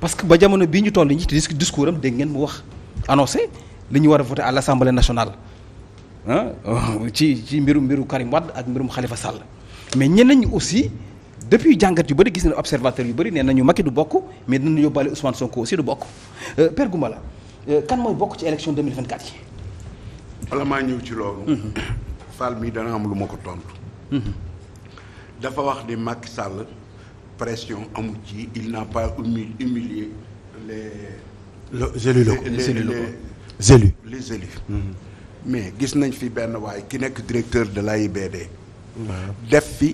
parce que ba jamono bii ñu toll nii ci discours am dégg ngeen mu wax annoncé li ñu war a voter à l'Assemblée nationale ci ci mbiru mbiru Karim Wade ak mbirum xalifa Sall mais ñeneen ñi aussi depuis jàngat yu bëri gis ne observateur yu bëri nee nañu Macky du bokk mais dinañu yóbbaale Ousmane Sonko aussi du bokk euh, Père la euh, kan mooy bokk ci élection 2024 yi. bala maa ñëw ci loolu. Mhm. Fall mi dana am lu ma ko tontu. Mhm. dafa wax ni Macky Sall. pression amu ci il n'a pas humilié humilié les. le élus locaux les les élus. les hmm. élus. mais gis nañ fi benn waay ki nekk directeur de l'AIBD. Hmm. def fi.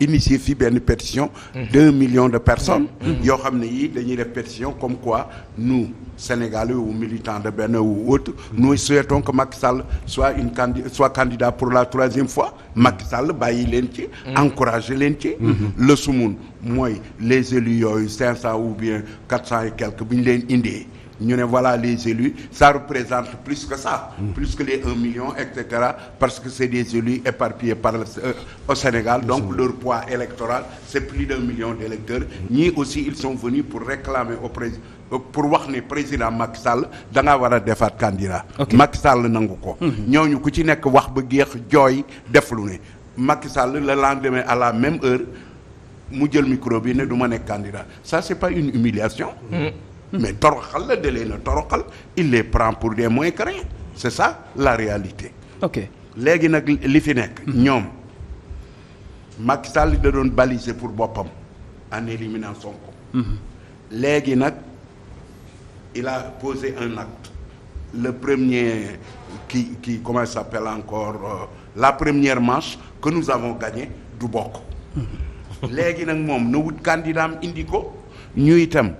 initier fi benn pétition mhm. deux millions de personnes mhm. Mhm. yoo xam ne yii dañuy def pétition comme quoi nous Sénégalais ou militant de Benno ou autre nous souhaitons que Macky Sall soit une candid soit candidat pour la troisième fois Macky Sall bàyyi leen ci encourager leen ci le sumun mooy les élus yooyu cinq cent ou bien quatre cent et quelques bi ñu leen indee ñu ne voilà les élus ça représente plus que ça plus que les un million et cetera parce que c'est des élus éparpillés par le, euh, Sénégal donc leur poids électoral c'est plus d'un million d'électeurs ñii aussi ils sont venus pour réclamer au président euh, pour wax ne président Macky Sall da ngaa war a defaat candidat Macky Sall nangu ko mhm. ñu ku ci nekk wax ba géex jooy def lu ne Macky Sall le lendemain à la même heure mu jël micro bi ne du ma nekk candidat ça c'est pas une humiliation mm. mais toroxal la dele na a toroxal il les prend pour des moins que rien c'est ça la réalité. ok léegi nag li fi nekk. Hmm. ñoom Macky Sall da doon baliser pour boppam en éliminant Sonko. Hmm. léegi nag il a posé un acte le premier qui qui comment il encore euh, la première manche que nous avons gagnée du bokk. Hmm. léegi nag moom na wut candidat am indi ko ñu itam.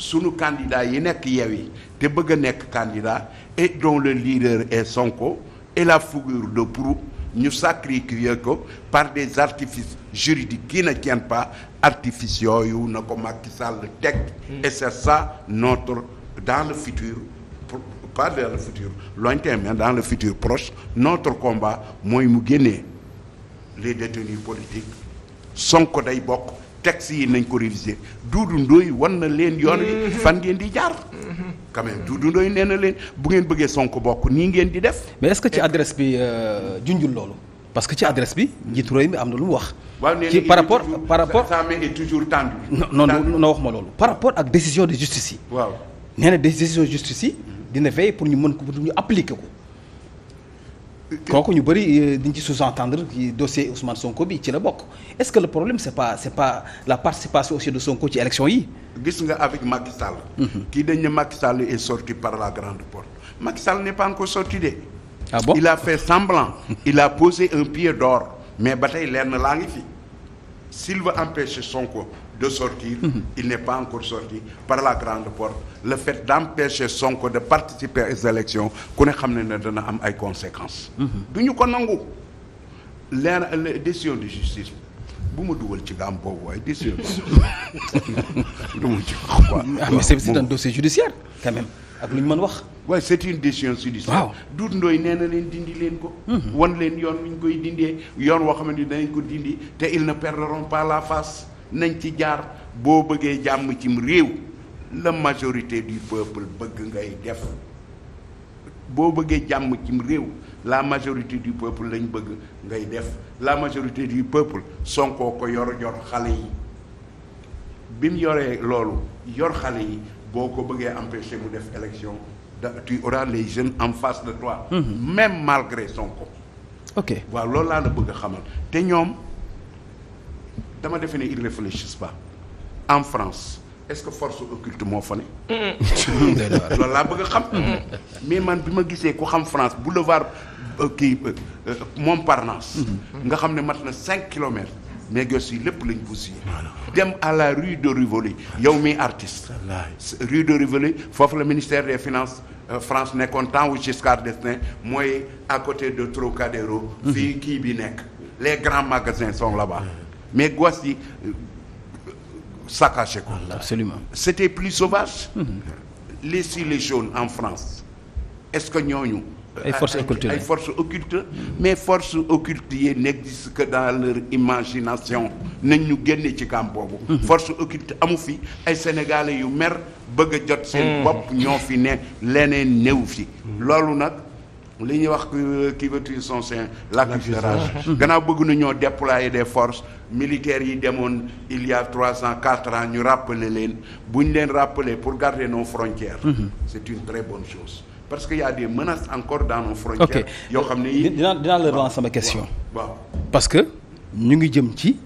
sunu candidat yi nekk Yewwi te bëgg a nekk candidat et dont le leader est Sonko et la figure de proue ñu sacrifier ko par des artifices juridiques kii na tiennent pas artifices yooyu na ko Macky Sall teg hmm. et c'est ça notre dans le futur pas dans le futur lointain mais dans le futur proche notre combat mooy mu génnee les détenus politiques Sonko day bokk texte yi nañ ko réviser Doudou Ndoye wan na leen yoon wi mm-hmm. fan ngeen di jaar mm-hmm. quand même Doudou nee na leen bu ngeen bëggee sonk bokk nii ngeen di def mais est que ci adresse bi euh, junjul loolu parce que ci adresse bi njiitu réew mi am na lu mu wax ci par rapport par rapport sa main est toujours tendue non non wax ma loolu par rapport ak décision de justice yi waaw décision de justice yi dina veille pour ñu mën ko pour ñu appliquer ko kooku ñu bëri euh, diñ ci sous-entendre ci dossier Ousmane Sonko bi ci la bokk est-ce que le problème c'est pas c'est pas la participation aussi de Sonko ci élection yi. gis nga avec Macky mhm. kii dañ ne Macky Sall est sorti par la grande porte Macky Sall n'est pas encore sorti de. ah bon il a fait semblant. il a posé un pied d'or mais ba tey na laa ngi fi s'il veut empêcher Sonko. de sortir mhm. il n'est pas encore sorti par la grande porte le fait d'empêcher Sonko de participer aux élections ku ne xam ne ne dana am ay conséquences mhm. du ñu ko nangu leer décision de justice bu ma dugal ci gaam boobu waaye décision du ma ci quoi ah, mais c'est un dossier judiciaire quand même ak lu ñu mën wax waaye c'est une décision judiciaire waaw duut ndooy nee na leen dindi leen ko mhm. wan leen yoon wi ñu koy dindee yoon woo xam ne dinañ ko dindi te ils ne perdront pas la face nañ ci jaar boo bëggee jàmm cim réew la majorité du peuple bëgg ngay def boo bëggee jàmm cim réew la majorité du peuple lañ bëgg ngay def la majorité du peuple Sonko ko yor yor xale yi bi mu yoree loolu yor xale yi boo ko bëggee empêcher mu def élection da tu les jeunes en face de toi. même malgré Sonko. ok waaw loolu laa la bëgg xamal te ñoom. dama defe ni ils réfléchissent pas en France est-ce que force occulte moo fa ne. Mm-hmm. loolu bëgg a xam. Mm-hmm. mais man bi ma gisee ku xam France boulevard euh, kii euh, euh, Montparnasse. Mm-hmm. nga xam ne mat na cinq kilomètres. mais gos yi lépp lañ bousillé dem à la rue de Rivoli yow mi artiste rue de Rivoli foofu la ministère des finance France nekkoon temps wu Giscard d'Estaing mooy à côté de Trocadéro fii kii bi nekk les grands magasins sont là-bas mais gos yi euh, saccagé ko. Ah, absolument c'était plus sauvage. les les jaunes en France est-ce que ñooñu. ay forces occultes ay forces occultes mais force occultes yi n'existent que dans leur imagination nañ ñu génne ci camp boobu. Mhm. force occulte amu fi ay sénégalais yu mer bëgg a jot. seen mhm. bopp ñoo fi ne leneen néew fi. Mhm. loolu nag. li ñuy wax qui veut son sein l'accuse de rage gannaaw bëgg na ñoo déployer des forces militaires yi demoon il y a trois ans quatre ans ñu rappeler leen bu ñu leen rappeler pour garder nos frontières mhm. c'est une très bonne chose parce que y a des menaces encore dans nos frontières yoo xam ne yi dinaa la relancer sama question waaw parce que ñu ngi jëm ci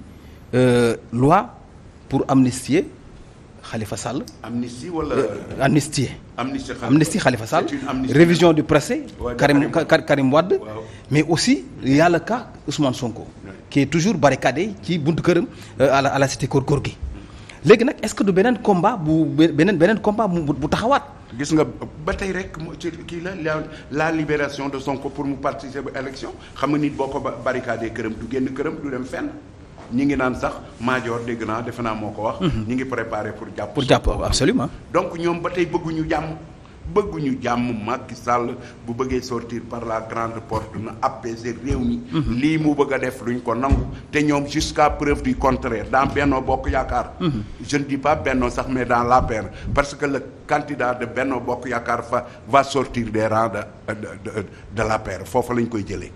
euh, loi pour amnistier Khalifa Sall. amnistie wala amnistie. amnistie Khalifa Sall révision du procès ouais, Karim Karim Wade. Wow. mais aussi il y a le cas Ousmane Sonko. Ouais. qui est toujours barricadé ci buntu këram euh, à la à la cité Keur léegi nag est-ce que du beneen combat bu beneen beneen combat bu taxawaat. gis nga ba tey rek mu ci kii la la libération de Sonko pour mu participer ba élection xam nga nit boo ko barricadé këram du génn këram du dem fenn. ñi ngi naan sax maajoor dégg naa defe naa moo ko wax. Mhm. ñi ngi préparé pour jàpp. pour jàpp absolument donc ñoom ba tey bëgguñu jàmm. bëgguñu jàmm Macky Sall bu bëggee sortir par la grande porte na apaiser réew mi. Mhm. lii mu bëgg a def lu luñ ko nangu. te ñoom jusqu'à preuve du contraire dans Benno Bokk Yaakaar. Mhm. je ne dis pas Benno sax mais dans l'APR parce que le candidat de Benno Bokk Yaakaar fa va sortir des rangs de de de l'APR foofu lañ koy jëlee.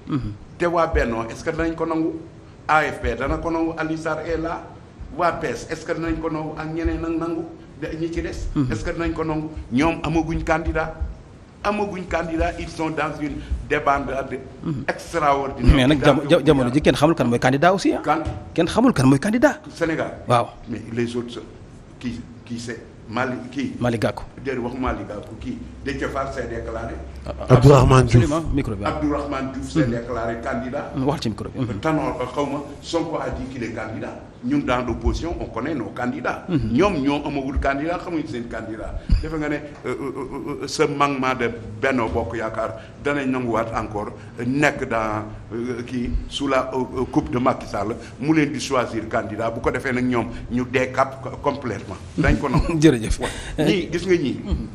AFP dana ko nangu Alioune Sarr est là waa PS est-ce que dinañ ko nangu ak ñeneen nag nangu ñi ci des. Mhm. est-ce que ko nangu ñoom amaguñ candidat amaguñ candidat ils sont dans une débandade mhm. extraordinaire. mais nag jamono jamono ji kenn xamul kan mooy candidat aussi ah. kan kenn xamul kan mooy candidat. Sénégal waaw les autres qui qui c'est. Mali kii Mali Gakou. déedéet wax Mali Gakou kii Déthié Fall s'est déclaré. Ah, Abdourahmane Diouf micro bi Abdourahmane Diouf s'est mhm. déclaré candidat. Mm, wax ci micro bi. Mhm. Tanor euh, xaw ma Sonko a dit qu'il est candidat ñun dans l'opposition on connaît nos candidats. Mhm. ñoom ñoo amagul candidat xamuñ seen candidat. defe nga ne euh, euh, ce manquement de Benno Bokk Yaakaar danañ nanguwaat encore nekk dans kii sous la coupe de Macky mu leen di choisir candidat bu ko defee nag ñoom ñu décap complètement dañ ko nangu. jërëjëf gis nga ñii mm-hmm.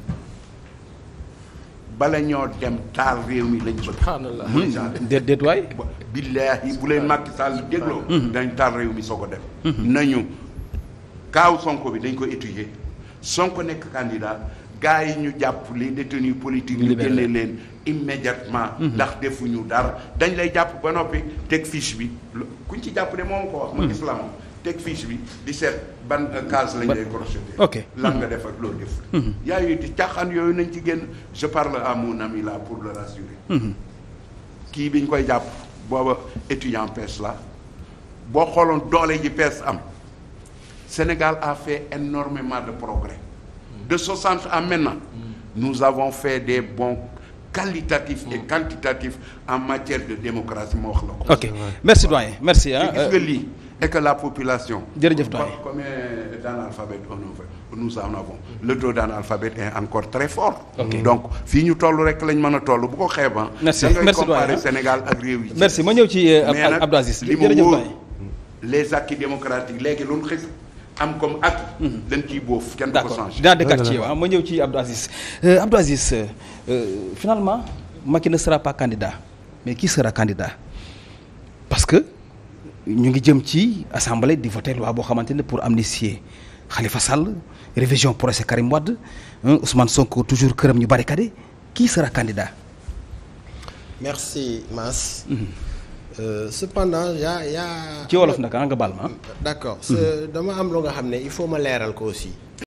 bala ñoo dem taal réew mi lañ bëgg. subhanallah déet déet waay. billaahi bu leen Macky Sall dégloo. Mm-hmm. Mm-hmm. dañ taal réew mi soo ko def. nañu kaw sonk bi dañ ko étudier Sonko nekk candidat gars yi ñu jàpp les détenus politiques. ñu génne leen immédiatement. ndax defuñu dara dañ lay jàpp ba noppi teg fiche bi. kuñ ci jàpp de moom ko wax. ma gis la moom. teg fiche bi di seet ban case lañ lay crocheté ok lan mhm. nga def ak loolu def mhm. yaayu di caaxaan yooyu nañ ci génn je parle à mon ami là pour le rassurer mhm. kii bi ñu koy jàpp booba étudiant pes la boo xooloon doole ji pes am Sénégal a fait énormément de progrès de 60 à maintenant nous avons fait des bon qualitatif et quantitatif en matière de démocratie moo wax la ko. ok merci doyen merci. ah gis nga euh, lii. et la population. jërëjëf doy combien d'analphabètes on nous en avons le taux d'analphabète encore très fort. Okay. Mm. donc fii ñu toll rek lañ mën a toll bu ko xeeba. Ah. merci merci da ngay comparer merci ma ñëw ci euh, Abdou Aziz li ma wóor les acquis démocratiques léegi lu ñu xëy am comme acquis. Mm-hmm. dañ ciy boof kenn du ko changé. dinaa dëkkaat ci waaw ma ñëw ci Abdou Aziz euh, Abdou Aziz euh, finalement Macky ne sera pas candidat mais qui sera candidat parce que. ñu ngi jëm ci assemblée di voter loi boo xamante ne pour am amnistier Khalifa Sall révision procès Karim Wade Ousmane Sonko toujours këram ñu barricadé qui kii candidat. merci Mass. Mm yaa ci wolof nag ah, nga baal ma. Ah. d'accord mhm. dama am loo nga xam ne il faut ma leeral ko aussi.